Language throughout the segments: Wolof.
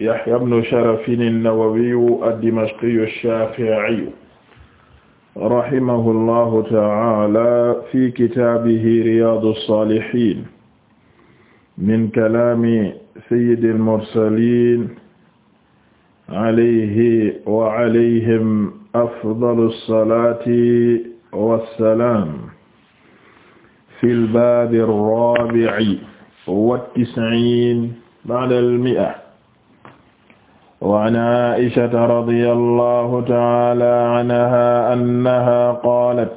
Yahya ibn Sharafin an-Nawawiyu ad-Dimashqiyu ash-Shafi'iyu rahimahullahu ta'ala fi kitaabihi Riyaadu as-Saalihiin min kalaami sayyidil mursaliin alayhi wa alayhim afdalu as-salaati wassalaam fil baabi ar-raabi'i wat-tis'iin ba'da al-mi'a وعن عائشة رضي الله تعالى عنها أنها قالت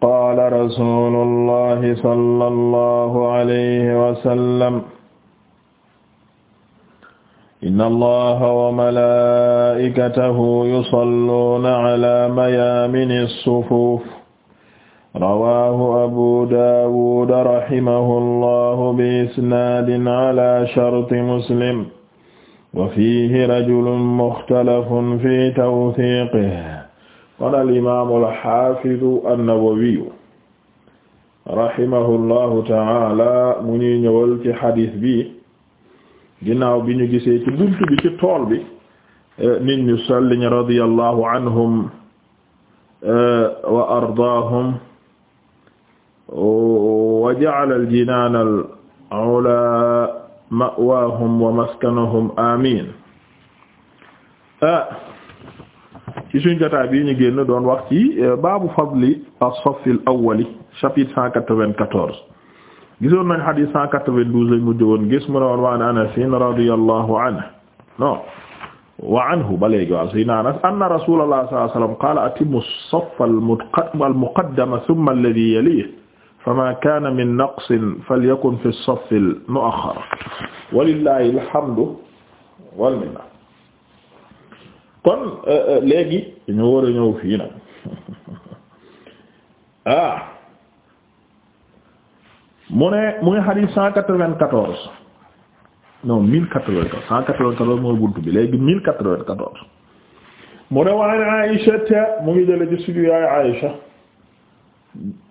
قال رسول الله صلى الله عليه وسلم إن الله وملائكته يصلون على ميامن الصفوف رواه أبو داود رحمه الله بإسناد على شرط مسلم wa fiihi rajulun muxtalafun fi tawthiqihi qaala al-imaamu al-xaafidu an-nawawiyu rahimahullahu ta'aala mu ñuy ñëwal ci xadis bi ginnaaw bi ñu gisee ci bunt bi ci tool bi nit ñu sell ñi radiyallahu anhum wa ardaahum wa ja'ala al-jinaana al-ulaa ma'waahum wa maskanahum amiin ah, ci suñu jotaay bii ñu génn doon wax ci eh, baabu fadli as-saff al-awwal chapitre cent quatre-vingt-quatorze gisoon nañ xadiis cent quatre-vingt-douze lañ mujj woon gis mu ne woon wa an Anas radiyallahu anhu non wa anhu ba léegi waaw sayyidina Anas anna rasulallah sallallahu alayhi wa sallam qaala atimmu as-saff al-muqaddama thumma alladhi yalihi fama kaana min naqsin falyakun fi saffi al-mu'axxar walillahi alhamdu wal minna kon euh, euh, léegi ñu war a ñëw fii nag ah mu ne muy xadiis cent quatre-vingt-quatorze non mille quatre-vingt-quatorze cent quatre-vingt-quatorze mooy mu ne waan Aïcha mu ngi jële ci suñu yaay Aïcha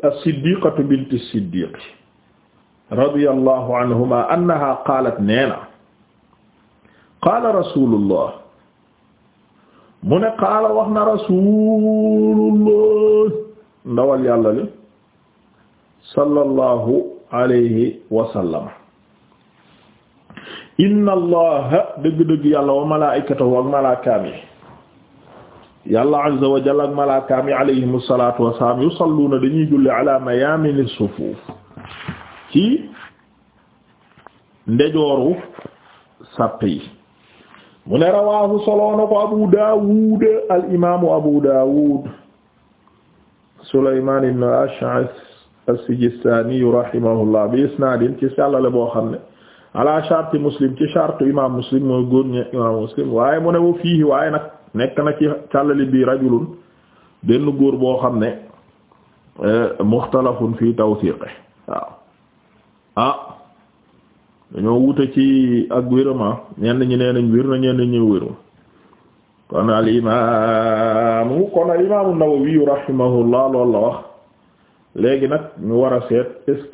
as-siddiqatu binti siddiq radiyallahu anhuma annaha qaalat neena qaala rasulullah mu ne qaala wax na rasulullah ndawal yàlla li sallallahu alayhi wa sallam inna allaha dëgg-dëgg yàlla wa malaa'ikatahu wa malaakaami yàlla azza wa jalla ak malaakaam yi alayhimu salaatu wa salaam yusalluuna dañuy julli ala mayaamini sufuuf ci ndejooru sàpp yi mu ne rawaahu solo na ko abu daawud al imaamu abu daawud sulaymaan ibn ash'as as-sijistaani rahimahullah bi isnaadin ci sàllale boo xam ne ala sharti muslim ci shartu imaam muslim mooy góor ñi imaam muslim waaye mu ne wa fiihi waaye nag nekk na ci càllali bi rajulun benn góor boo xam ne eh, muxtalafun fi tawsiqe waaw ah dañoo wute ci ak wérama ñenn ñi nee nañ na ñenn ñi wérul kon al imaamu Nawawi rahimahullah loolu la wax léegi nag ñu war a seet est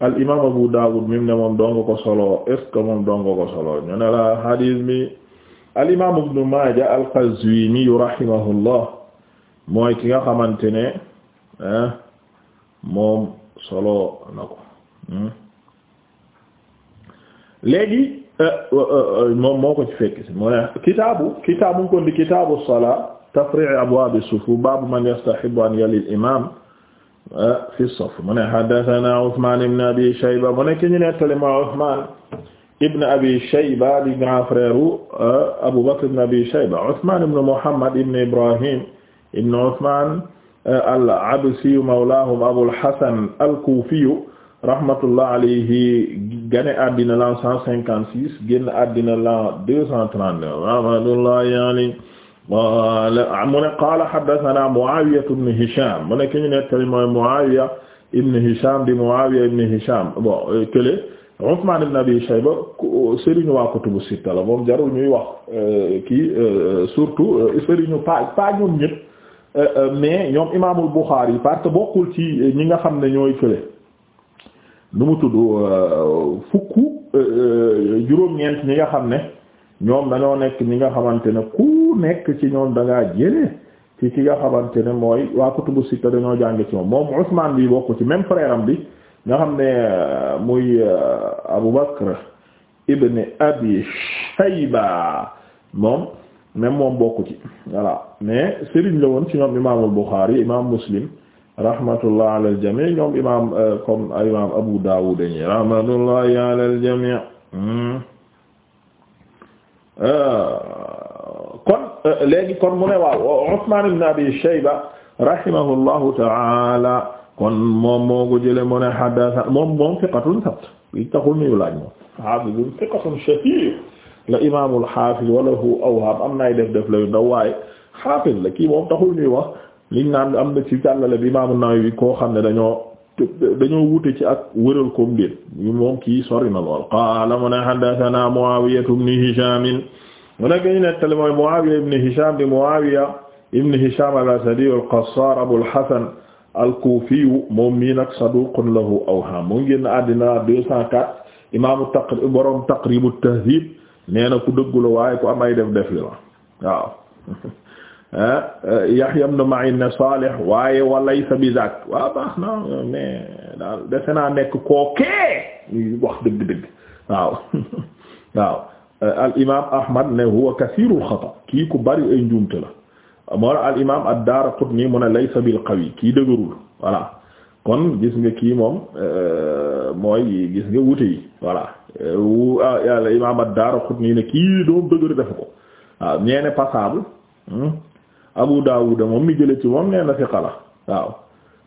al imaam Abu Dawud mim ne moom dong ko solo est moom dong ko solo ñu ne la hadith mi al imaam ibnu maaja al qazwiini rahimahullah mooy ki nga xamante ne moom solo na ko hmm. léegi euh, euh, euh, moom moo ko ci fekk si mu ne kitaabu kitaabu kon di kitaabu salaa tafri'i abwaabi sufuuf baabu man yastahibu an yali al imaam fi saf mu ne haddasanaa Usmaan ibnu Abii Shayba mu ne ki ñu nettali ma Usmaan ibn abi shayba di grand frère euh, abu bakr ibn abi shayba uthman ibn muhammad ibn ibrahim ibn uthman euh, al-absi mawlahum abul hasan al-kufi rahmatullah alayhi gane àddina la 156 génn àddina la 239 rahmatullahi alayhi qala mu ne qala haddathana muawiya ibn hisham mu ne ki ñu nettali mooy muawiya ibn hisham di muawiya ibn hisham bon euh, Usman ibn Abi Shayba sëriñu waa kutubu sitta la moom jarul ñuy wax euh, kii euh, surtout euh, seriñu pa pa ñoom ñëpp mais ñoom imaamul Bukhari parce que bokkul ci ñi nga xam ne ñooy fële nu mu tudd fukk juróom-ñeent ñi nga xam ne ñoom dañoo nekk ñi nga xamante ne ku nekk ci ñoom dangaa ngaa ki ci ki nga xamante mooy waa kutubu sitta dañoo jàng ci moom moom Usman bi bokk ci même frère am bi. nga xam ne euh, muy euh, Abu Bakr ibn Abi Shayba moom même moom bokku ci voilà mais Serigne la woon ci ñoom imaamul Bukhari imaam Muslim rahmatullah ala al jami ñoom imaam euh, comme imaam Abu Dawud ñi rahmatullah ala al jami hmm. kon léegi kon mu ne waaw Usman ibn Abi Shayba rahimahullahu ta'ala kon moom moo ko jële mu ne xaddasa moom moom fiqatun sabt li taxul nuyu laaj moom xaafisum fiqatun shahir la imaamul xaafis walahu awham naay def def layu ndaw waaye xaafis la kii moom taxul nuyu wax liñ naan am na ci jàllale bi imaamu Nawawi koo xam ne dañoo dañoo wute ci ak wëral koom déet ñu moom kii sori na lool qaala mu ne xaddasanaa Muawiya ibn Hishaam mu ne gañu nettali mooy Muawiya ibn Hishaam di Muawiya ibn Hishaam al-Asadi al-Qassaar Abul Hasan al-Kufiyu moom mii nag saduqun lahu awham mu ngi génn àddina 204 imaamu taqrib borom taqrib at-tahdhib nee na ku dëggu la waaye ku am ay def def la waaw eh, eh, Yahya ibn Ma'in ne Salih waaye walaysa bi zak waaw baax na mais daal defe naa nekk kookee ñuy wax dëgg-dëgg waaw waaw eh, al imaam Ahmad ne huwa kathirul xata kii ku bari ay njuumte la. moo la al imaam ad-Daaraqutni mu ne laysa bil qawi kii dëgërul voilà kon gis nga kii moom euh, mooy gis nga wute yi voilà wu euh, al daar ad-Daaraqutni ne kii doom dëgër def ko waaw ñeene passable hmm? Abu Daawuda moom mi jële ci moom nee na fiqa la waaw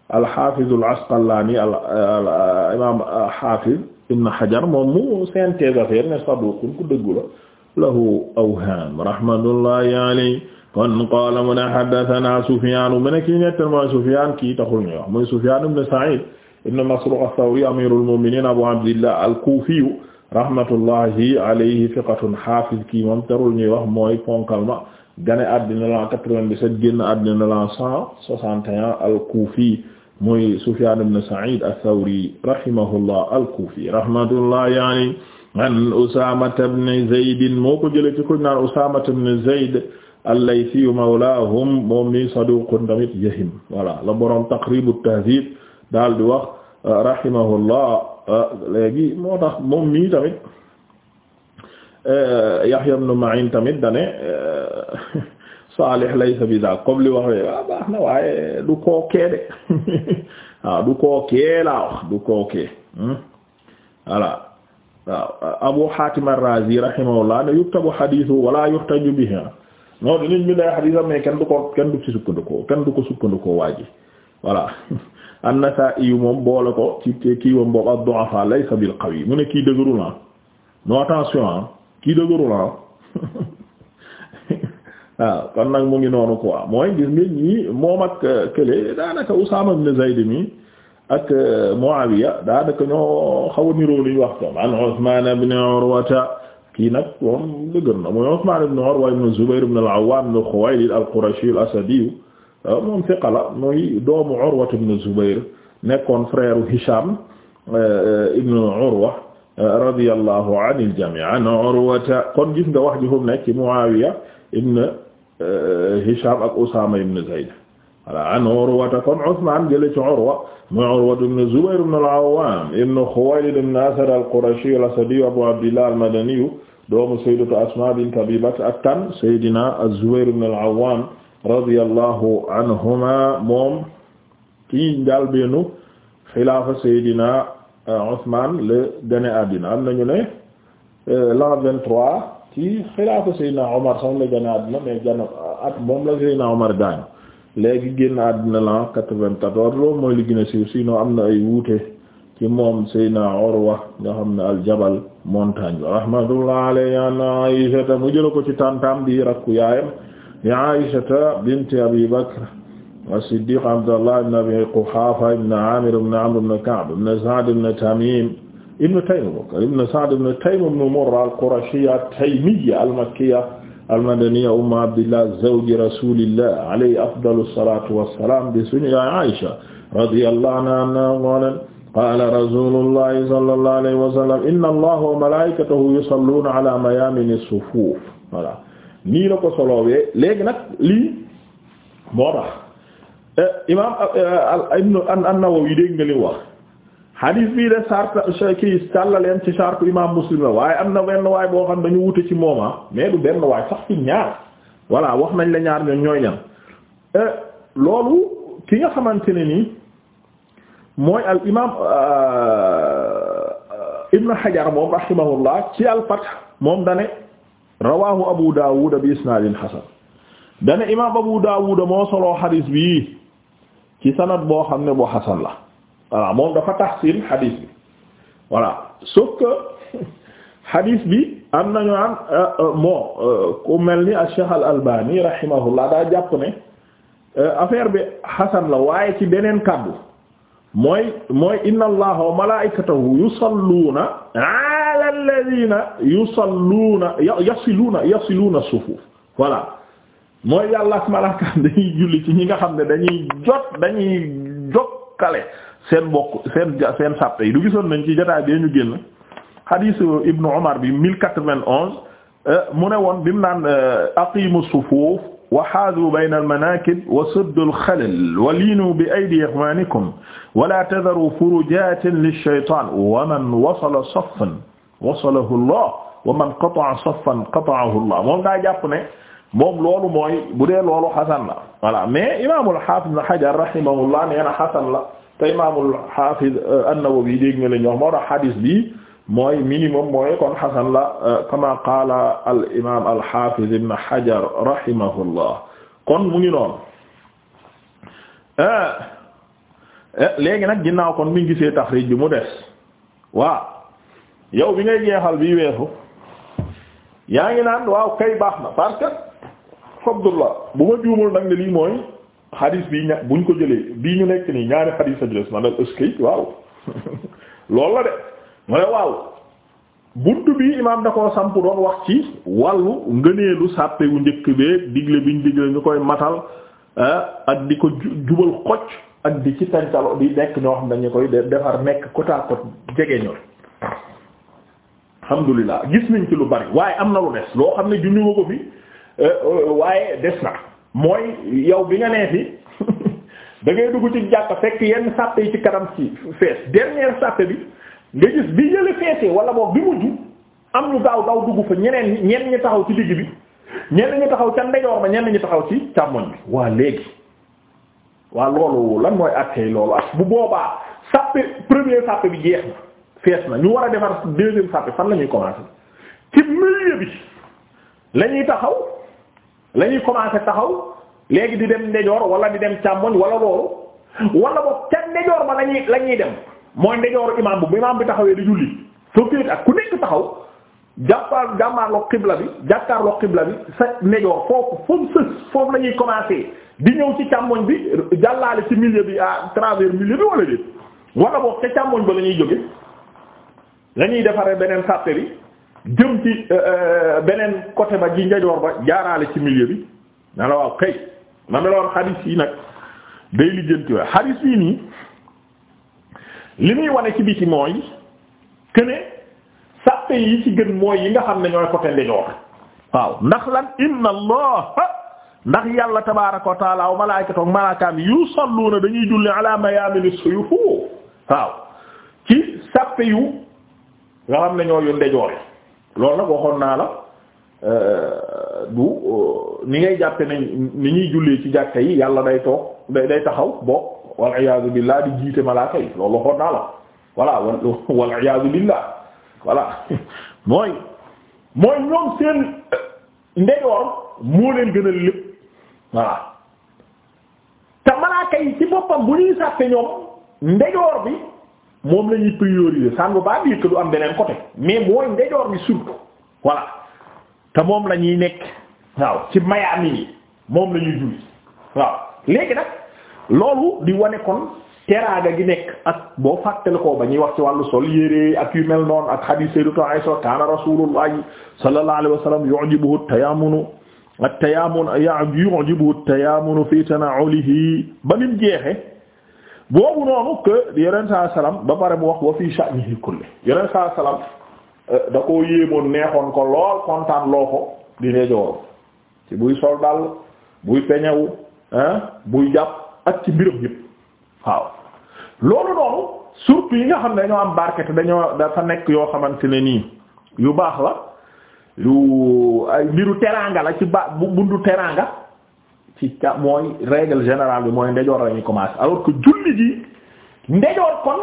al-Haafiz al-Asqalaani al imaam Haafiz Ibn Hajar moom mu synthèse affaire ne saduqun ku dëggu la lahu awham rahmatullahi alayhi kon qaala mu ne haddathana Sufyaan mu ne kii nettal mooy Sufyaan kii taxul ñu wax muy Sufyaan ibn Sa'iid ibn Masruuq ath-Thawri amiirul mu'miniin Abu Abdillah al-Kuufi rahmatullahi alayhi thiqatun haafiz kii moom tarul ñuy wax mooy ponkal ma gane àddina la 97 génn àddina la 161 al-Kuufi muy Sufyaan ibn Sa'iid ath-Thawri rahimahullah al-Kuufi rahmatullahi alayhi an Usaamata ibn Zayd moo ko jëlee ci ku ñu naan Usaamata ibn Zayd al-Laythi mawlaahum moom mi saduqun tamit jahim voilà la borom Taqrib at-Tahdhib daal di wax rahimahullah léegi moo tax moom mii tamit Yahya ibn Ma'in tamit da ne Saalih laysa bi daal comme li waxee waaw ah, baax na waaye du kookee de waaw ah, du kookee laa wax du kookee hmm? voilà. waaw uh, Abu Hatim ar-Razi rahimahullah ne yuktabu hadithu wala yuhtaju bihi non dinañ bi day xadisam mais kenn du ko kenn du ci sukkandikoo kenn du ko sukkandikoo waaji voilà an-Nasa'i moom boole ko ci kii wam boobu ad-du'afa laysa bil qawi mu ne kii dëgëru la ah. attention ah. kii dëgëru ah. waaw kon nag mu ngi noonu quoi mooy gis nit ñi moom ak uh, kële daanaka Usama ibn Zayd mi ak euh, Muawiya daanaka ñoo xaw a niroo li ñu wax tam an Usman ibn Urwata kii nag moom dëgër na mooy Usman ibn Urwa ibn Zubayr ibn al-Awwam ibn Khuwaylid al-Qurashi al-Asadi euh, moom fiqa la mooy doomu Urwa ibn Zubayr nekkoon frère Hisham euh, ibn Urwa radiyallahu anil jami' an Urwata kon gis nga wax ji fu mu nekk ci Muawiya ibn Hisham ak Usama ibn Zayd voilà an Urwata kon Usmaan jële ci Urwa mooy Urwa ibn Zubayr ibn al-Awwaam ibn Khuwaylid ibn Asad al-Qurashi al-Asadi Abu Abdillah al-Madani doomu sayyidatu Asmaa bint Abi Bakr ak tan Seydina az-Zubayr ibn al-Awwaam radiyallahu anhuma moom ci njàlbéenu xilaafa Seydina euh, Usmaan le gane àddina am nañu ne euh, l'an 23 ci xilaafa Seydina Omar sax le gane àddina mais gane at moom la Seydina Omar gaañu léegi génn àddina la 94 loolu mooy li gën a am na ay wuute ci moom Seydina Urwa nga xam ne aljabal montagne ba rahmatullah an Aïsata mu ko ci tantam di rakku yaayam ya Aïsata binti Abi Bakr as-Siddiq Abdallah ibn Amr ibn Ka'b ibn Sa'd ibn Tamim ibn Taym ibn Sa'd ibn Taym ibn Murra al-Qurashiyya at-Taymiyya al-Makkiyya almadaniya ummu abdillah zawji rasulillah alayhi afdalu salatu wassalam bi suñu yaay Aisha radiyallahu anha qaalat qaala rasulullahi sallallahu alayhi wa sallam inna allaha wa malaikatahu yusalluna ala mayamini sufuf voilà nii la ko soloowee léegi nag lii moo tax eh, imaam eh, Ibn an-Nawawi dégg nga li wax hadis bii de sart kii càllaleen ci sartu imam muslim la waaye am na benn waay boo xam dañu wute ci mooma mais du benn waay sax ci ñaar voilà wax nañ la ñaar ñoom ñooy ñan euh, loolu ki nga xamante ne nii mooy al imam euh, euh, ibn hajar moom rahimahullah ci al fath moom dane rawahu abu dawud bi isnaadin hasan dane imam abu dawud moo soloo hadis bi ci sanad boo xam ne bu hasan la voilà moom dafa tahsin xadiis bi voilà sauf xadiis bi am nañu am moo ku mel ni Cheikh al Albani rahimahullah daa jàpp ne euh, affaire bi xasan la waaye ci beneen kàddu mooy mooy inna allaha wa malaikatahu yusalluuna ala alladhina yàlla ak malaakaam dañuy julli ci ñi nga xam ne dañuy jot dañuy jokkale seen bokk seen seen sàppe yi du gisoon nañ ci jotaay bee ñu génn xadiisu ibnu Umar bi mille quatre-vingt-onze euh, mu ne woon bi mu naan euh, aqimu sufuuf wa haadu bayna al-manaakib wa suddu al-xalal wa liinu bi aydi ixwaanikum wa laa tadharu furujaatin lish-shaytaan wa man wasala saffan wasalahu Allah wa man qata'a saffan qata'ahu Allah moom daa jàpp ne moom loolu mooy bu dee loolu xasan la voilà mais imaamul xaafis ibnu Hajar rahimahullah nee na xasan la te imaamul hafiz euh, an-Nawawi dégg nga la ñu wax moo tax hadis bi mooy minimum mooy kon hasan la euh, kama qaala al imaam al hafiz ibn Hajar rahimahullah kon mu ngi noonu euh, léegi nag ginnaaw kon mi gise gisee taxriij bi mu des waaw yow bi ngay jeexal bi weesu yaa ngi naan waaw kay baax na parce que bu ma juumul nag ne lii mooy. xadis bi ña buñ ko jëlee bii ñu nekk nii ñaari xadis a jëlee man ëskay waaw lool la de mu ne waaw bunt bi imaam da koo samp doon wax ci wàllu ngëneelu sàppe wu njëkk bee digle biñ digle ñu koy matal ah, ak di ko jubal xocc ak di ci tàncaloo di nekk ñoo xam ne dañu koy defar nekk côte à côte jege ñooy alhamdulilah gis nañ ci lu bari waaye am na lu des loo xam ne junni ko fi eh, eh, waaye des na. mooy yow bi nga nee fi da ngay dugg ci jàkk fekk yenn sàppe yi ci kanam ci fees dernière sàppe bi nga gis bi yële feesee wala boog bi mujj am ñu daaw daw dugg fa ñeneen ñenn ñi taxaw ci digg bi ñenn ñi taxaw ca ndeyoor ba ñenn ñi taxaw ci càmmoñ bi waa léegi waa loolu lan mooy attey loolu ak bu boobaa sàppe premier sàppe bi jeex na fees na ñu war a defar deuxième sàppe fan la ñuy commencer ci milieu bi lañuy taxaw lañuy ñuy commencé taxaw léegi di dem ndejoor wala di dem càmmoñ wala loolu wala boog ca ndejoor ba lañuy la ñuy dem mooy ndejooru imaam bu bu imaam bi taxawee di julli soo ak ku nekk taxaw jàppaar jàmmaarloo xibla bi jàkkaarloo xibla bi sa ndejoor foofu foofu sës foofu la ñuy commencé di ñëw ci càmmoñ bi jàllaale ci milieu bi à travers bi wala déet wala boog ca càmmoñ ba la ñuy jóge la defaree beneen sàppe bi jëm ci euh, euh, beneen côté ba ji njajoor ba jaaraale ci milieu bi na la waaw kay na ne la woon xadiis yi nag day lijjanti waaye xadiis bii nii li muy wane ci biti mooy këne sàppe yi ci gën mooy yi nga xam ne ñooy côté ndejoor waaw ndax lan inna allah ndax yàlla tabaaraka wa taala wa malaayikatoog malaakaam yusalluuna dañuy julli ala mayaamini suyufu waaw ci sàppe yu nga xam ne ñooy yu ndejoor lool nag waxoon naa la euh, du euh, ni ngay jàppe nañ ñuy jullee ci jàkka yi yàlla day toog day day taxaw bokk wal iyaazu billah di jiite malaaka yi loolu waxoon naa la voilà wal iyaazu billah voilà mooy mooy ñoom seen euh, ndeyoor moo leen gën a lépp voilà te malaaka yi ci boppam bu ñuy sàppe ñoom ndeyoor bi moom la ñuy prioriser ça ne veut pas dire du am beneen côté mais mooy ndejoor bi surtout voilà te moom la ñuy nekk waaw ci mayaami yi moom lañuy ñuy julli waaw léegi nag loolu di wane kon teraanga gi nekk ak boo fàttali ko ba ñuy wax ci wàllu sol yére ak yu mel noonu ak hadith Sayyidatu Aisha kana rasulullahi sallallahu alayhi wa sallam yu'jibuhu at-tayammunu at-tayammunu yu'jibuhu te tayammunu fi tana'ulihi ba nim jeexe boobu noonu que yeneen saa salaam ba pare mu wax wa fii sha'nihi kulli yeneen saa salaam euh, da ko yéemoon neexoon ko lool kontaan loo ko di rejoor ci buy sol daal buy peñewu buy jàpp ak ci mbirum yëpp waaw loolu noonu surtout yi nga xam ne dañoo am barke te dañoo dafa nekk yoo xamante ne nii yu baax la yu ay mbiru teraanga la ci ba bu bundu teraanga ci ca mooy règle générale bi mooy ndejoor lañuy commencer alors que julli ji ndejoor kon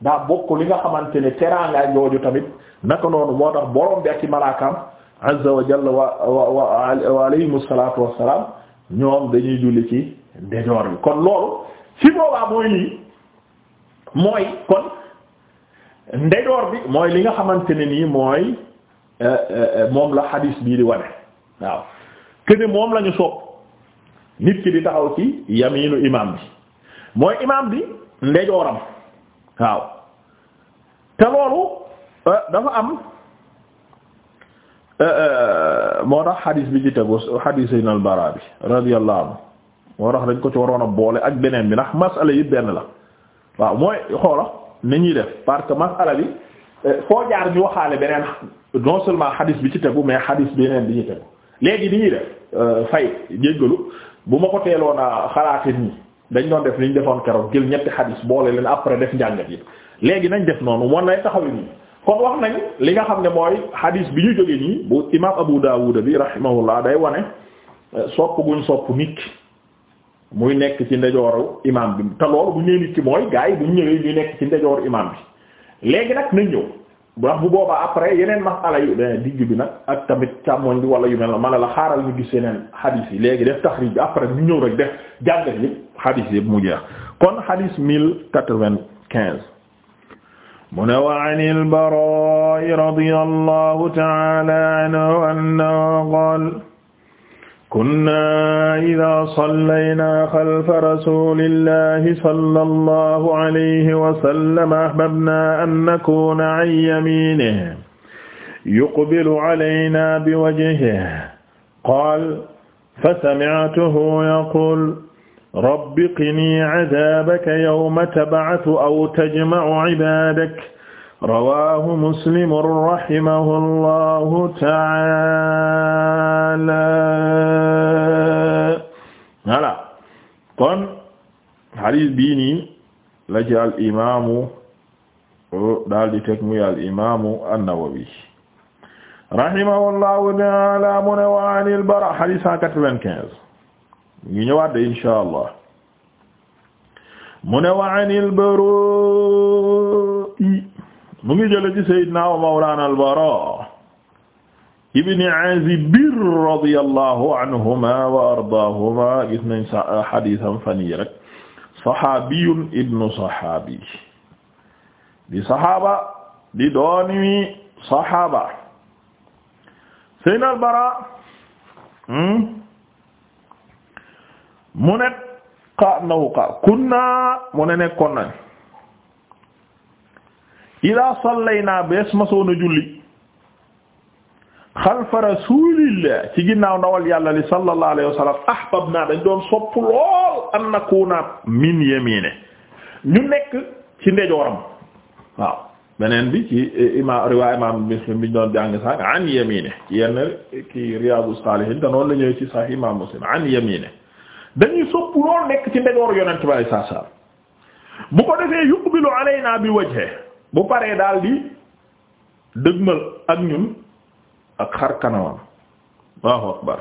daa bokk li nga xamante ne teraanga jooju tamit naka noonu moo tax borom bi ak ci malaakam azza wa jalla wa wa alayhimu salaatu wassalaam ñoom dañuy julli ci ndejoor kon loolu bi mooy li nga xamante ne nii euh, euh, euh, moom la xadiis bii di wane lañu sopp nit ki di taxaw ci yamiinu imaam bi mooy imaam bi ndejooram waaw te loolu euh, dafa am euh, euh, moo tax xadiis bi ci tegu xadiis yi nal baraa bi radiyallahu anhu moo tax dañ ko ci waroon a boole ak beneen bi ndax masala yi benn la waaw mooy xoola ni ñuy def parce que masala bi foo jaar ñu waxaale beneen non seulement xadiis bi ci tegu mais xadiis yeneen bi ci tegu léegi ni ñuy def euh, fay jéggalu bu ma ko teeloon a xalaate nii dañ doon def li ñu defoon keroog jël ñetti xadis boole leen après def njàngat yi léegi nañ def noonu moom lay taxaw nii kon wax nañ li nga xam ne mooy xadis bi ñu jógee nii bu imaam Abu Dawud bi rahimahullah day wane euh, sopp guñ sopp nit muy nekk ci ndejooru imaam bi te loolu bu ñu nee nit ki mooy gars yi bu ñu ñëwee ñu nekk ci ndejooru imaam bi léegi nag nañ ñëw. ndax bu boobaa après yeneen masala yu da digg bi nag ak tamit càmmoñ bi wala yu mel ma ne la xaaral ñu gis yeneen xadis yi léegi def taxrij bi après ñu ñëw rek def jàngat mu jeex kon xadis mille quatre-vingt-quinze mu ne wa an al-Baraa radiyallahu ta'ala anhu annahu qaala kunna idaa sallayna xalfa rasuulillahi sallallahu alayhi wa sallam ahbabna an nakuuna an yamiinihi yuqbilu alaynaa biwajhihi qaala fasami'tuhu yaquulu rabbi qinii cadaabaka yawma tab'asu aw tajma'u cibaadaka rawaahu muslim rahimahullahu ta'ala voilà kon xadis bii nii la ci al imaamu daal di teg muy al imaamu an-Nawawi rahimahullahu ta'ala mu ne wa anil Bara xadis cent quatre-vingt-quinze ñu ñëwaat de inshaa Allah mu ne wa anil Bara mu ngi jële ci sayyidina wa mawlana al-Bara ibn Azib radiyallahu anhuma wa ardaahuma gis nañ sa xadiisam fan yi rek saxaabiyun ibnu saxaabi di saxaaba di dooni saxaaba sayyidina al-Bara hmm, mu ne qaa nawu qaa kunna mu ne nekkoon nañ ila sallayna bees masoon a julli xalfa rasulillah ci ginnaaw ndawal yàlla li sallallahu alayhi wa sallam ahbabna dañ doon sopp lool an nakuna min yamine ñu nekk ci ndejooram waaw beneen bi ci imam riwa imam muslim bi ñu doon jàng sax an yamine ci yenn ki riyadu salihin te noonu la ñëw ci sahih imam muslim an yamine dañuy sopp lool nekk ci ndejoor yonent bi sallallahu alayhi wa sallam bu ko defee yuqbilu alayna bi wajhihi bu paree daal di dëgmal ak ñun ak xar kanawam Allahu akbar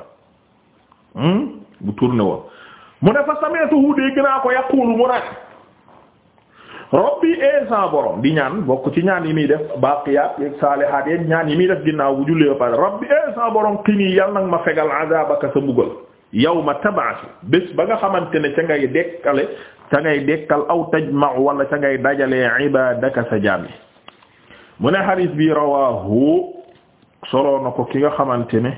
hmm? bu tourné mu ne fa sami'tuhu dégg naa ko yaqulu mu naan rabbi esa eh, borom di ñaan bokk ci ñaan yi muy def baaqiyaat yeeg saalihaat yeeg ñaan yi muy def ginnaaw bu jullee ba pare rabbi esa eh, borom qini yal nag ma fegal azabaka sa mbugal yawma tab'asu bés ba nga xamante ne ca ngay dekkale ca ngay dekkal aw tajma wala ca ngay dajalee ibadaka sa jaam yi mu ne bi rawahu soloo na ko ki nga xamante ne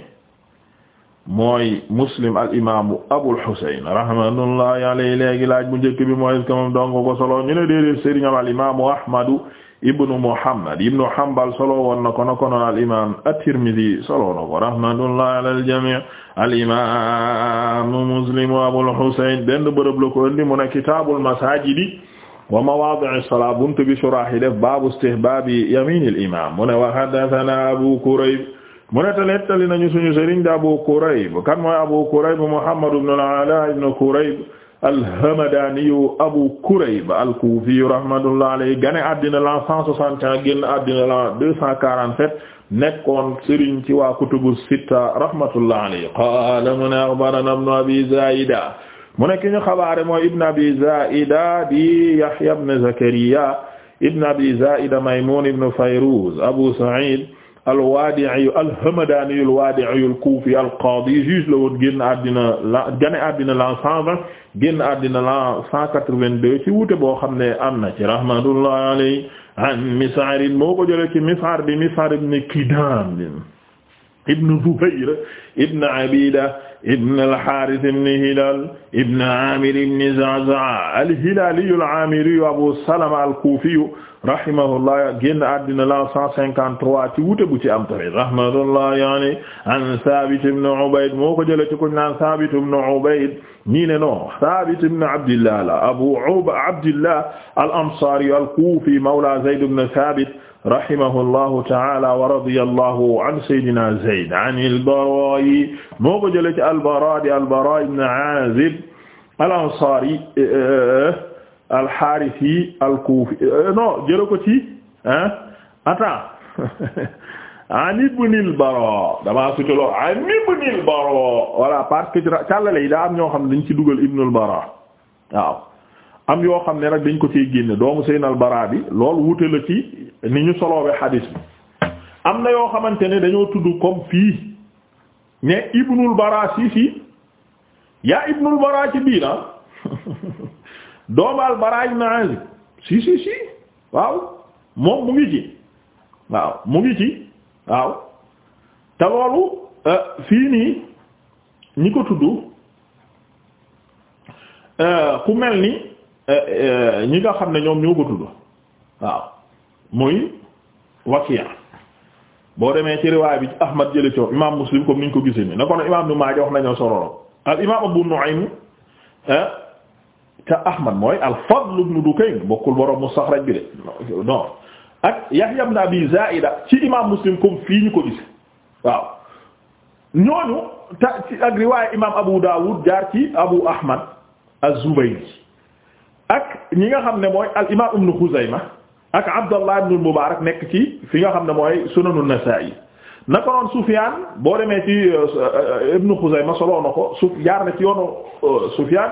mooy muslim al imaamu abul husayn rahmatullahi alayhi léegi laaj bu njëkk bi mooy est-ce que ko soloo ñu ne déedéet sëriñam al imaamu ahmadu ibnu Muhammad ibnu Hanbal solo woon na kono kono al imaam at-Tirmidhi solo na ko rahmatullahi ala al-jamii' al imaam Muslim wa Abul Husayn benn bërëb la ko indi mu ne kitaabul masaajidi wa mawaadi'i as-salaa bunt bi surah yi def baabu istihbaabi yamiinil imaam mu ne wa haddathanaa Abu Kurayb mu ne te nettali nañu suñu sëriñ di Abu Kurayb kan mooy Abu Kurayb Muhammad ibn al-Alaa ibn Kurayb alhamadaniyu abu kurayb alkuufiyu rahmatullah alayhi gane addina la 161 génn addina la 247 nekkoon sëriñ ci waa kutubu sitta rahmatullah alayhi qaala mu ne axbarana ibnu abi zaida mu ne ki ñu xabaare mooy ibnu abi zaida di yahya ibnu zakariya ibnu abi zaida maymun ibnu fayruz abu sa'id alwaadiyu alhamadaaniyu alwaadiyu alkuufi alqaadi juge la woon génn àddina la gane àddina la cent vingt génn àddina la boo xam am na ci rahmatullahi Mis'ar moo Mis'ar bi Mis'ar ibn Kidaam ibn Abida ibn al-Haaris ibn Hilaal ibn Aamir ibn Za'za'a al-Hilaaliyu Abu Salama al rahimahullah génn àddina la 153 ci wute bu ci am tamit rahmatullah yaani an Saabit ibn Ubayd moo ko jëlee ci ko naan Saabit ibn Ubayd ñii ne non Saabit ibn Abdillah la Abu Abdillah al-Ansaari al-Kuufi mawla Zayd ibn Saabit rahimahullahu ta'ala wa radiyallahu an sayyidina Zayd an al-Baraa moo ko jëlee ci al-Baraa di al-Baraa ibn Aazib al-Ansaari eh, eh, eh, al-Harisi al-Kufi euh, jëla ko ci ah attends an Ibn al-Bara damaa sutaloo an Ibn al-Bara voilà parce que càllale yi daa am ñoo xam ne dañ ci dugal Ibn al yoo xam ne nag dañ ko ciy génne doomu seen al-Bara bi loolu wute la ci ni ñu soloowe xadiis bi am na yoo xamante ne dañoo tudd comme fii ne Ibn al-Bara si si yaa Ibn bara ci biina ah? doomu al-Baraa ibn Aazib si si si waaw moom mu ngi ci waaw mu ngi ci waaw te loolu euh, fii nii ñi ko tudd euh, ku mel ni euh, ñi nga xam ne ñoom ñoo ko tudd waaw muy Wakiya boo demee ci riwaay bi Ahmad jële ci imaam Muslim comme niñ ko gisee ni na ko ne imaam nu Maaja nañoo sororo al imaam Abu Nu'aym te Ahmad mooy al-Fadl ibn Dukayn bokkul borom mustaxraj bi de non ak Yahya ibn Abi Zaida ci imam Muslim comme fii ñu ko gis waaw ñooñu te ak riwaaya imam Abu Dawud jaar ci Abu Ahmad az-Zubayri ak ñi nga xam ne mooy al imam ibn Khuzayma ak Abdallah ibn Mubarak nekk ci fi nga xam ne mooy Sunan an-Nasa'i naka noonu Sufyan boo demee ci euh, euh, ibn Khuzayma soloo na ko su jaar na ci yoonu euh, Sufyan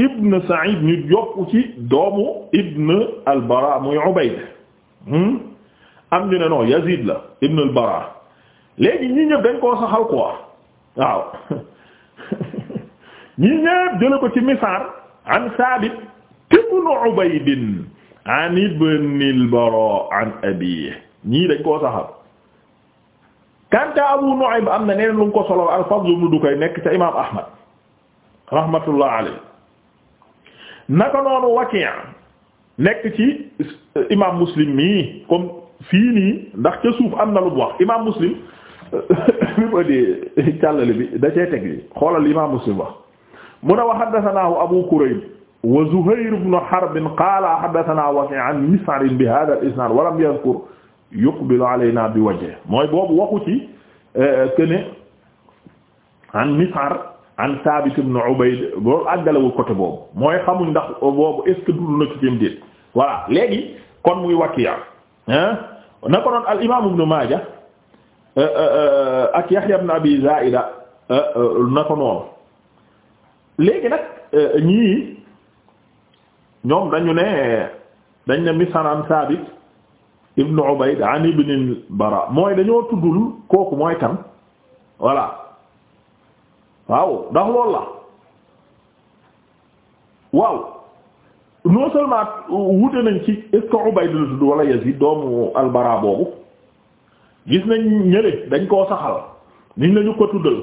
ibn Sa'id ñu yokk ci doomu ibn al-Bara muy Ubayd hmm? am ñu ne non Yazid la ibn al-Bara léegi ñi ñëpp dañ koo saxal quoi waaw ñi ñëpp jële ko ci Misar an Sabit ibn Ubayd an ibn al-Bara an abiih ñii dañ koo saxal kanta Abu Nu'aym am na neen lu ko solo al-Fadl ibn Dukay nekk ca imaam Ahmad rahmatullah alayhi naka noonu Waki' nekk ci imam Muslim mii comme fii nii ndax ca suuf am na lu mu wax imam Muslim bi ma di càllale bi da cee teg li xoolal imam Muslim wax mu ne wa haddathanaahu Abu Kurayb wa Zuhayr ibn Harb qaala haddathanaa Waki' an Mis'ar bi haadha al-isnaad wa lam yadhkur yuqbilu alaynaa bi wajhihi mooy boobu waxu ci que eh, ne an Mis'ar an Saabit ibn Ubayd loolu àggalewul côté boobu mooy xamuñ ndax boobu est-ce na ci fi mu déet voilà léegi kon muy Waki' ah na ko noon al imaam ibn Maaja euh, euh, euh, ak Yahya ibn Abi Zaida na ko noonu léegi nag ñii ñoom dañu ne dañ ne Mis'ar an Saabit ibn Ubayd an ibn Bara mooy dañoo tuddul kooku mooy kan voilà. waaw ndax loolu la waaw non wute nañ ci est-ce que Ubayd la tudd wala Yazid doomu albara boobu gis nañ ñële dañ koo saxal niñ lañu ko tuddal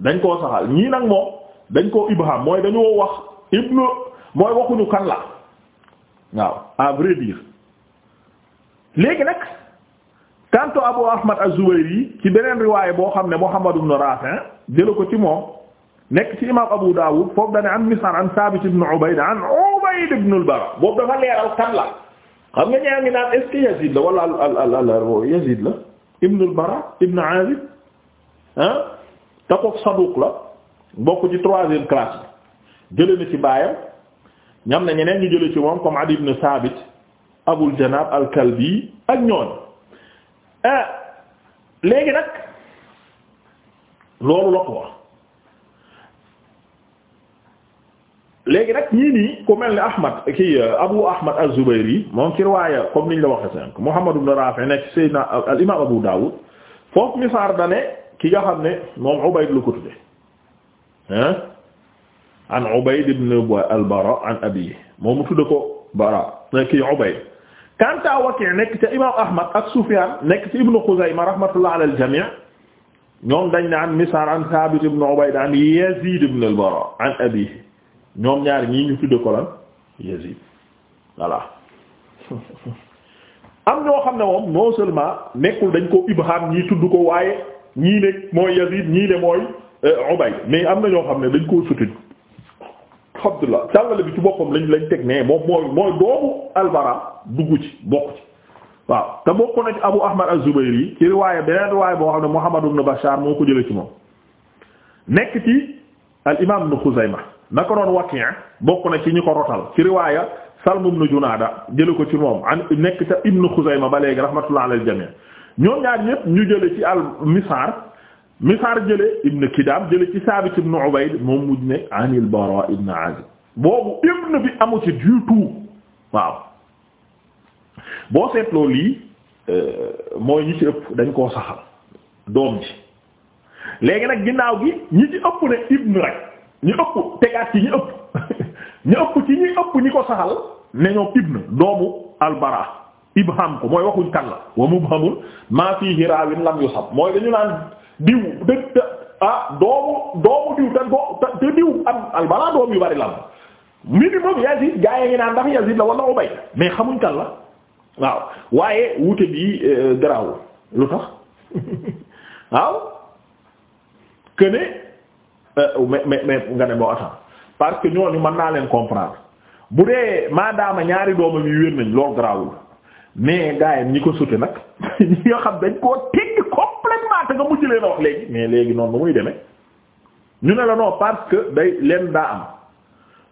dañ koo saxal ñii nag moom dañ koo ibham mooy dañoo wax ibnu mooy waxuñu kan la waaw à vrai dire léegi nag kanto Abu Ahmad Az-Zubayri yi ci beneen riwaay boo xam ne Muhammad ibn Rafi' jëla ko ci moom nekk ci imam Abu Dawud foofu dane an Mis'ar an Sabit ibn Ubayd an Ubayd ibn al boobu dafa leeral kan la xam nga ñaa ngi naan est-ce que Yazid la wala al al al Yazid la ibn al ibn Azib ah saduq la bokk ci troisième classe bi jële na ci baayam ñam na ñeneen ñu jële ci moom comme Adi ibn Sabit Abul Janab al-Kalbi ak ñoon ah, léegi nag loolu la ko wax léegi nag ñii nii ku mel ni Ahmad kii euh, Abu Ahmad az-Zubayri moom ci riwaaya comme niñ la waxee sànq Muhammad ibn Rafi nekk Seydina euh, al imaam Abu Dawud foofu misaar dane ki nga xam ne moom Ubayd lu ko tudde ah an Ubayd ibn al-Bara an abiy moom mu tudde ko Bara kii Ubayd kanta Waki' nekk ca imaam Ahmad ak Sufyan nekk ci Ibn Khuzayma rahmatullah ala al-jami' ñoom dañ ne an Misar an Sabit ibn Ubayd an Yazid ibn al an abi ñoom ñaar ñii ñu tudde ko lan Yazid voilà am ñoo xam ne moom non seulement nekkul dañ ko ibham ñii tudd ko waaye ñii ne mooy Yazid ñii ne mooy euh, Ubayd mais am na ñoo xam ne dañ koo sutit Abdullah càllale bi ci boppam lañ lañ teg ne moom mooy mooy doomu al dugg ci bokk ci waaw te bokk na ci Abu Ahmad az-Zubayri ci riwaaya beneen riwaaya boo xam ne Muhammad ibn Bashar moo ko jëlee ci moom nekk ci al imaam ibn Xuzayma naka noonu Waki' bokk na ci ñi ko rotal ci riwaaya Salm ibn Junaada jële ko ci moom an nekk ca ibn Xuzayma ba léegi rahmatullah alal jamii ñoom ñaar ñëpp ñu jële ci al Misaar Misaar jële ibn Kidaam jële ci Saabit ibn Ubayd moom mujj ne an Baraa ibn Aazib boobu ibn bi amu ci du tout waaw boo seetloo lii euh, mooy ñi ci ëpp dañ koo saxal doom ji léegi nag ginnaaw gi ñi ci ëpp ne ibnu rek ñu ëpp tegaat ci ñi ëpp ñu ëpp ci ñi ëpp ñi ko saxal ne ñoom ibnu doomu albara ibham ko mooy waxuñ kan la wa mubhamul maa fiihi raawin lam yusab mooy dañu naan diw de ah doomu doomu diw te doo te diw am albara doom yu bari lam minimum Yazid gaa yi ngi naan ndax Yazid la wala Ubay mais xamuñ kan la waaw waaye wute bi euh, garaawul lu tax waaw que ne euh, mais mais nga ne boo attend parce que ñooñu mën naa leen comprendre bu dee maadaama ñaari doomam yi wér nañ loolu garaawul mais gaayam ñi ko sute nag ñi xam dañ koo tegg complètement te nga mujj leen wax léegi mais léegi noonu muy deme ñu ne la non parce que day leen daa am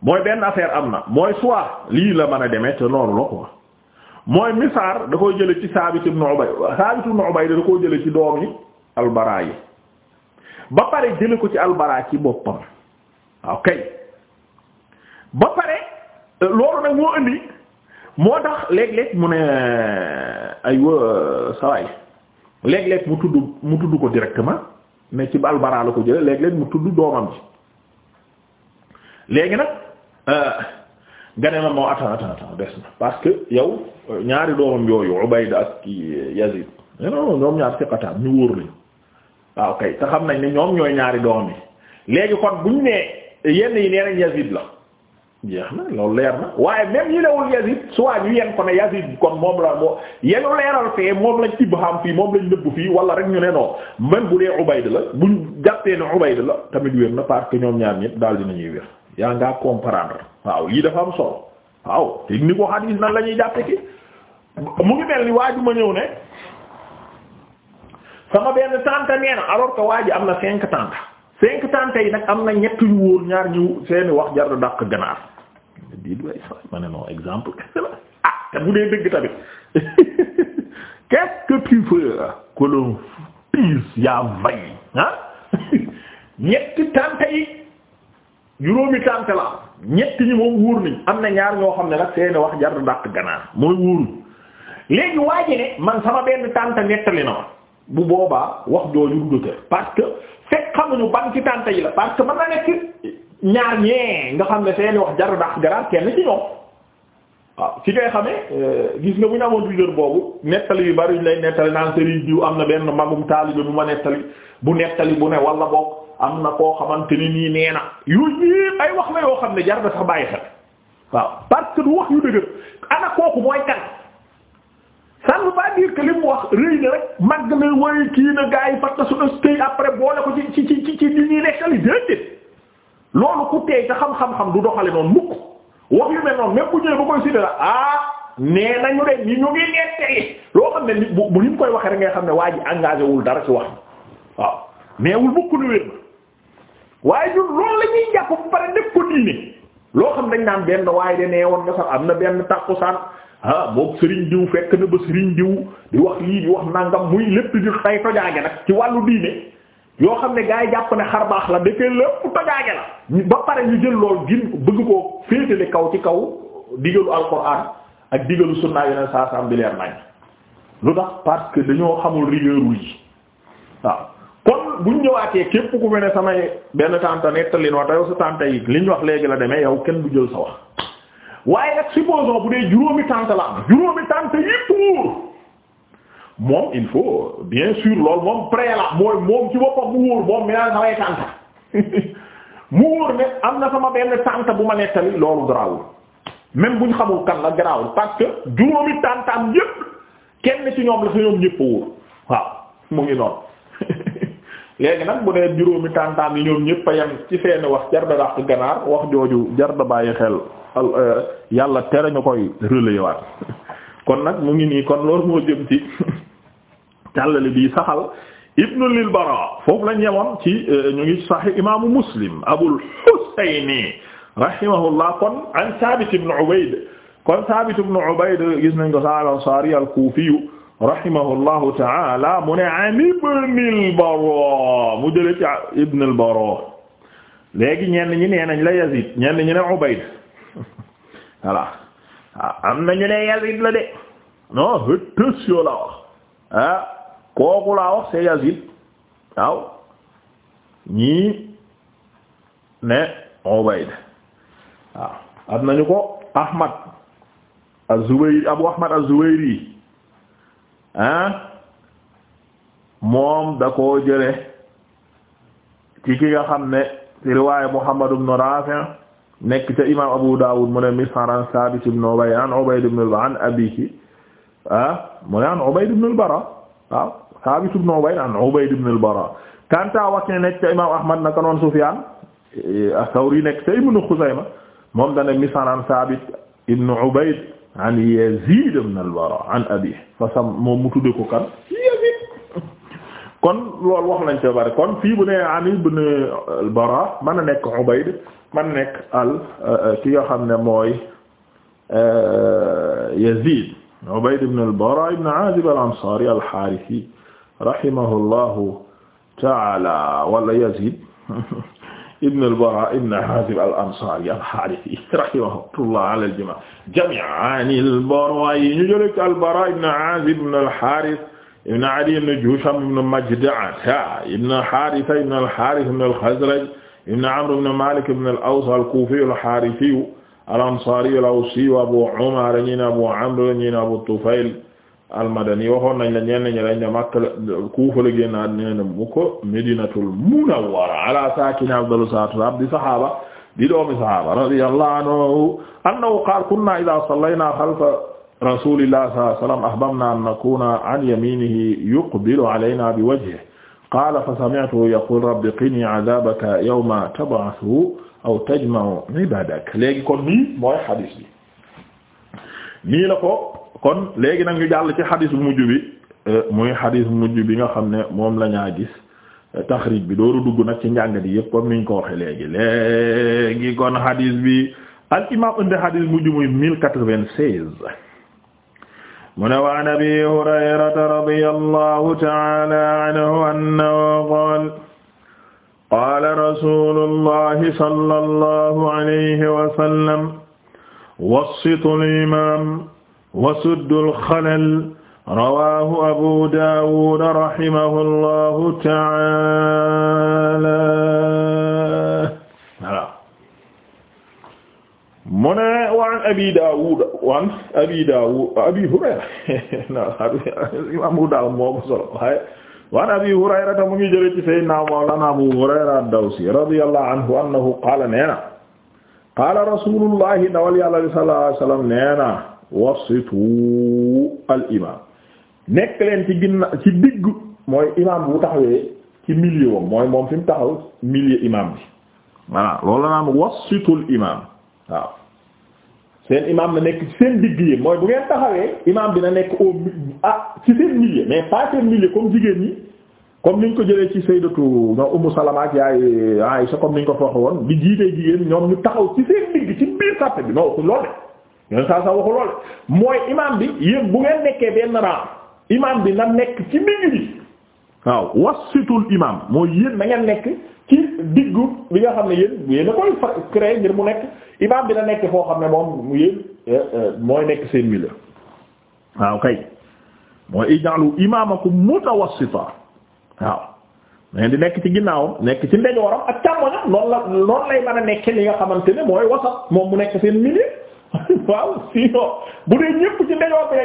mooy benn affaire am na mooy soit lii la mën a demee te loolu la quoi. mooy misaar da koy jële ci Saabit ibn Ubayd Saabit ibn Ubayd da koy jële ci doomi Albara yi ba pare jële ko ci Albara ci boppam waaw kay ba pare loolu nag moo indi moo tax léeg-léeg mu ne ay sawaay léeg-léeg mu tudd mu tudd ko ma ne ci Albara la ko jële léeg-léeg mu tudd doomam ji léegi nag euh, nga ne ma moo attends attends des na parce que yow euh, ñaari doomam yooyu Ubayda ak euh, Yazid non ñoom ñaar siqataan ñu wóor lañ waaw ah, kay te xam nañ ni ñoom ñooy ñaari doomam yi léegi kon buñ nee yenn yi nee nañ la jeex na loolu leer na waaye même yi lewul Yazid soit ñu yen ko ne Yazid kon moom la moo yenu leeral fee moom lañ ibham fii moom lañ nëbb fii wala rek ñu ne non bu dee Ubayda la bu buñ jàppee ne Ubayda la tamit wér na pa ñoom ñaar ñëpp daal dinañuy yaa ngaa comprendre waaw lii dafa am solo waaw te ni ko xadiis nan la ñuy mu ngi mel ni waa ji ma ñëw ne sama benn tante nee na alors que waa am na cinq tante cinq tante yi nag am na ñett yu wóor ñaar ñëw seeni wax jar na dàq ganaar ma ne non exemple ah te bu dee dëgg tamit qu'est-ce yaa may ñetti tante yi juróomi tànte la ñett ñi moom wóor nañ am na ñaar ñoo xam ne nag seeni wax jar dàq ganaar mooy wóoru léegi waaji ne man sama benn tànta nettali na ma bu boobaa wax jooju du dëgër parce que fekk xamuñu ban ci tànta yi la parce que mën na nekk ñaar ñee nga xam ne seeni wax jar dàq ganaar kenn ci ñoom waaw ci ngay xamee euh, gis nga bu ñu amoon tuuti boobu nettali yu bari ñu lay nettali naan sëriñ diw am na benn magum taalibe bu ma nettali bu nettali bu ne wala boog am na koo xamante ni nii nee na yooyu yëpp ay wax la yoo xam ne jar na sax bàyyi xel waaw parce que du wax yu dëgër ana kooku mooy kan ça ne veut pas dire li mu wax rëy na rek màgg na way kii na gars yi fàttali suñu stade après boole ko ci ci ci ci li ñuy nekkal déedéet loolu ku tey te xam-xam-xam du doxale noonu mukk wax yu mel noonu même bu ñëwee ba koy séddale ah nee nañu de ñi ñu ngi nettali loo xam ne ni bu bu koy waxee rek ngay xam ne waa ji engagé wul dara ci wax mais wul waaye ñun loolu la jàpp bu pare def ko diine loo xam dañ naan benn waaye de nee woon nga sax am na benn tàkkusaan ah boobu sëriñ diw fekk na ba sëriñ diw di wax lii di wax nangam muy lépp di tay tojaage nag ci wàllu diine yoo xam ne gaa yi jàpp ne xar baax la dafay lépp tojaage la ba pare ñu jël lool gin bëgg koo féetale kaw ci kaw digalu alquran ak digalu sunna yeneen saa saa am di leer nañ lu tax parce que dañoo xamul rigueur yi waaw bu buñ ñëwaatee képp ku fi ne samay benn tante nettali noo te yow sa tante yi liñ wax léegi la demee yow kenn du jël sa wax waaye nag supposons bu dee juróomi tante la am juróomi tante yépp wóor moom il faut bien sûr loolu moom pré la mooy moom ci boppam mu wóor moom mi naan samay tante mu wóor ne am na sama benn tante bu ma nettali loolu garaawul même buñ xamul kan la garaawul parce que juróomi tante am yépp kenn ci ñoom la sa ñoom ñépp wóor waaw mu ngi noonu léegi nag bu dee juróomi tàntaam yi ñoom ñëpp a yem ci seeni wax jar da ganaar wax jooju jar da bàyyi xel euh, yàlla tere ñu koy relayer waat kon nag mu ngi nii kon loolu moo jëm ci càllale bii saxal ibnu lil bara foofu lañ yemoon ci euh, ñu ngi sahih imaamu muslim abul husayni rahimahullah kon an thabit ibn ubayd kon thabit ibn ubayd gis nañ ko sa al ansari al rahimahullahu ta'ala mu ne an ibnil Bara mu jële ci ibnil Bara léegi ñenn ñi nee nañ la Yazid ñenn ñi ne Ubayd voilà ah, am na ñu ne Yazid la de non attention la wax ah laa wax c'est Yazid waaw ñii ne Ubayd waaw ah, am nañu ko Ahmad az-Zubayri Abu Ahmad az-Zubayri ah moom da koo jële ci ki nga xam ne ci riwaaya Muhammad ibn Rafi' nekk ca imam Abu Dawud mu ne an Sabit ibn Ubay an Ubayd ibn al ah mu ne an an Ubayd ibn al-Bara kanta nekk ca imam Ahmad naka noon Sufyan eh, as nekk ca Ibn Khuzaymah moom dane Mis'ar an Sabit ibn Ubayd an Yazid ibn al-Bara an abi fasam moom ko kan Yazid kon loolu wax lañ ca bari kon fii bu ne an al-Bara mën a nekk Ubayd mën a nekk al euh, ki nga xam ne mooy euh, Yazid Ubayd ibn al-Bara ibn Azib al-Ansari al-Harithi rahimahullahu ta'ala wala Yazid ibn al-Bara ibn Hazib al-Ansari al-Harithi rahimahullah ala al-jami' jami'an al-Barawi ñu jël ci al-Bara ibn Hazib ibn al-Harith ibn Ali ibn Jusham ibn Majda'a ibn Haritha ibn al-Harith ibn al-Khazraj ibn Amr ibn Malik ibn al-Aws al-Kufi al-Harithi al-Ansari al-Awsi Abu Umar ñi ne Abu Amr ñi ne Abu Tufayl almadani waxoon nañ la ñenn ñi dañ ne Makka Kuufa la génn àddina ne mu ko Medinatul Munawwara ala saakini afdalu salaatu wassalaam di saxaaba di doomi saxaaba radiyallahu anhu annahu qaala kunna idhaa sallayna khalfa rasuulillahi sallallahu alayhi wa sallam ahbabna an nakuuna an yamiinihi yuqbilu alaynaa biwajhihi qaala fasami'tuhu yaquulu rabbi qini 'adhaabaka yawma tab'athu aw tajma'u 'ibaadak léegi kon nii mooy hadiis bi nii la ko kon léegi nag ñu jàll ci xadis bu mujj bi euh, muy xadis mujj bi nga xam ne moom la ñaa gis euh, taxrij bi dooru dugg nag ci njàngat yi yëpp comme niñ ko waxe léegi léegi kon xadis bi al imam indi xadis mujj muy mille quatre-vingt-seize mu ne wa an abi hurayrata radiyallahu ta'ala anhu annahu qaala qaala rasulullahi sallallahu alayhi wa wassitul imaam wasuddul xalal rawaahu abu daawud rahimahullahu taala voilà mu ne waan abi daawud waan abi daawud abi hurayra imaamu daawud moo ko solo waaye waan abi hurayra ta mu ngi jële ci sayyidina mawlana abu hurayra ad-dawsi radiyallahu anhu annahu qaala neena qaala rasulullahi ndawal yàlla li sallallahu alayhi wasallam nee na wasitu al imam nekk leen ci ginna ci digg mooy imam bu taxawee ci milieu wam mooy moom fi taxaw milieu imam bi voilà loolu la naan wasitul imam waaw seen imam na nekk ci seen digg yi mooy bu ngeen taxawee imam bi na nekk au ah ci seen milieu mais pas seen milieu comme jigéen ñi comme niñ ko jëlee ci sayyidatu ñoom Ummu Salama ak yaay Aisha comme niñ ko fa waxoon bi jiitee jigéen ñoom ñu taxaw ci seen digg ci biir sàppe bi non waxu loole ñoom saa saa waxu loole mooy imam bi yéen bu ngeen nekkee benn raam imam bi na nekk ci digg bi waaw wasitul imam nekk diggu bi nga xam ne yéen yéen a koy créé ngir mu nekk imam bi na nekk foo xam ne moom yéen eh, eh, mooy nekk seen milieu waaw kay mooy ij'alu imamakum mutawassita waaw mais di nekk ci ginnaaw nekk ci ndejooram ak càmmoñam noonu la noonu lay mën a nekk li nga xamante ne mooy wasat moom mu nekk seen milieu waaw sinon bu dee ñëpp ci ndejoor bi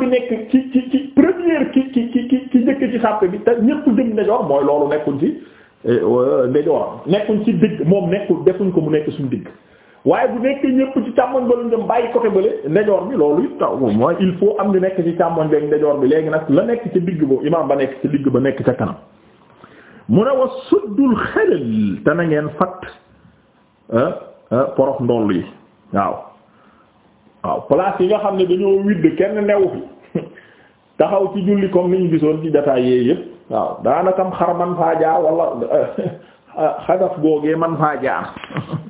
bi nekk ci ci ci première ki ki ki ki ki ci sàppe bi te ñépp jëm ndejoor mooy loolu nekkuñ ci eh, ndejooram nekkuñ ci digg moom nekkul defuñ ko mu nekk suñu digg waaye bu nekkee ñëpp ci càmmoñ ba lu dem bàyyi côté bële ndejoor bi loolu it taw mooy il faut am ñu nekk ci càmmoñ beeg ndejoor bi léegi nag la nekk ci digg ba imaam ba nekk ci digg ba nekk ca kanam mu ne wa suddul xelal te na ngeen fatt ah, ah, porox ndoll yi waaw waaw place yi nga xam ne dañoo widd kenn new fi taxaw ci julli comme ni ñu gisoon ci jataay yee yëpp waaw daanakam xar man faa jaar wala ah, xadaf googee man faa jaar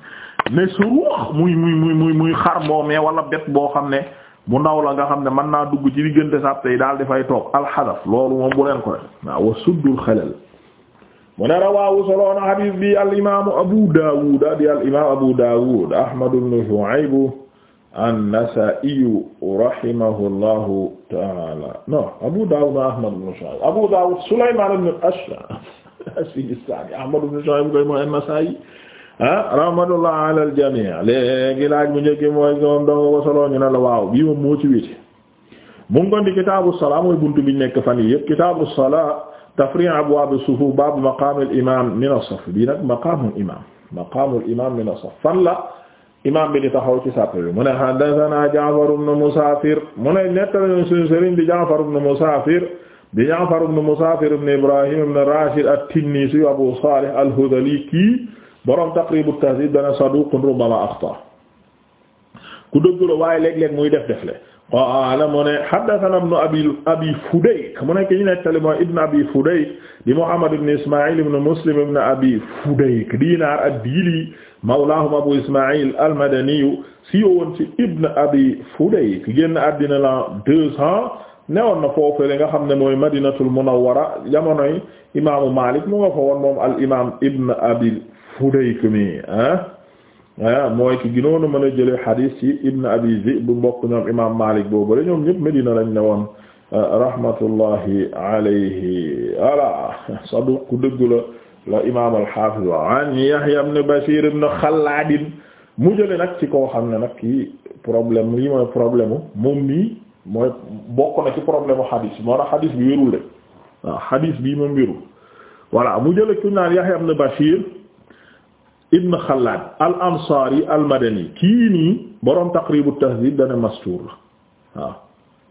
ne suruux muy muy muy muy xar moomee wala bet boo xam ne bu ndaw la nga xam ne man naa dugg ci diggante sàppe yi daal dafay toog alxadaf loolu moom bu leen ko def waaw wa suddul xalal mu ne rawaawu soloona xadiis bi al imaamu abu daawud ahmad ibn shu'ayb an-nasa'i rahimahullahu taala non abu daawud abu daawud sulaymaan ibn al-ash'ari ahmad ibn shu'ayb koy mooy an-nasa'i ah rahmatullah ala al jami léegi laaj bu njëkk mooy moom dong ko la waaw bii moom moo ci wéete mu ngi kon salaa mooy buntu bi nekk fan yii yëpp kitaabu salaa tafri' abwaab as-sufuuf baabu maqaamul imaam min as-saf bii nag maqaamul imaam maqaamul imaam min as-saf fan la imaam bi di taxaw ci sàpp bi mu ne haddathanaa Ja'far ibn Musaafir mu ne nettali sunu sëriñ di Ja'far ibn Musaafir di Ja'far ibn Musaafir ibn Ibraahiim tinnisi Abu Saalih al-Hudhali kii borom taqribu tahdib dana saduqun rubbama axta ku dëgg waaye léeg-léeg muy def defle qaala mu ne haddathana ibnu abi abi fudayk mu nekk ñu nettali mooy ibnu abi fudayk di muhammad ibn ismail ibn muslim ibn abi fudayk diinaar ad-diili mawlaahum abu ismail al si woon ci ibnu abi fudayk génn àddina la deux cents newoon na foofu li nga xam ne mooy madinatu munawwara jamonoy imaamu malik mu fa woon moom al imaam ibnu abi Fudayk mi ah, ah mooy ki ginoonu mën a jële hadis ci Ibn Abi Zib bu mbokk ñoom imam Malik boobu la ñoom ñëpp Medina lañ ne woon ah, rahmatullahi alayhi ala saduq ku dëggu la la imam al an Yahya ibn Bashir ibn Khallad mu jële nag ci koo xam ne nag ki problème lii mooy problème moom nii mooy bokk na ci problème u hadis moo tax hadis bi wérul waaw hadis bii moom wérul voilà mu jële ku naan Yahya ibn Bashir ibn Xallaad al ansaari al madani kii nii boroom taqribu tahdhib dana mastuur la waaw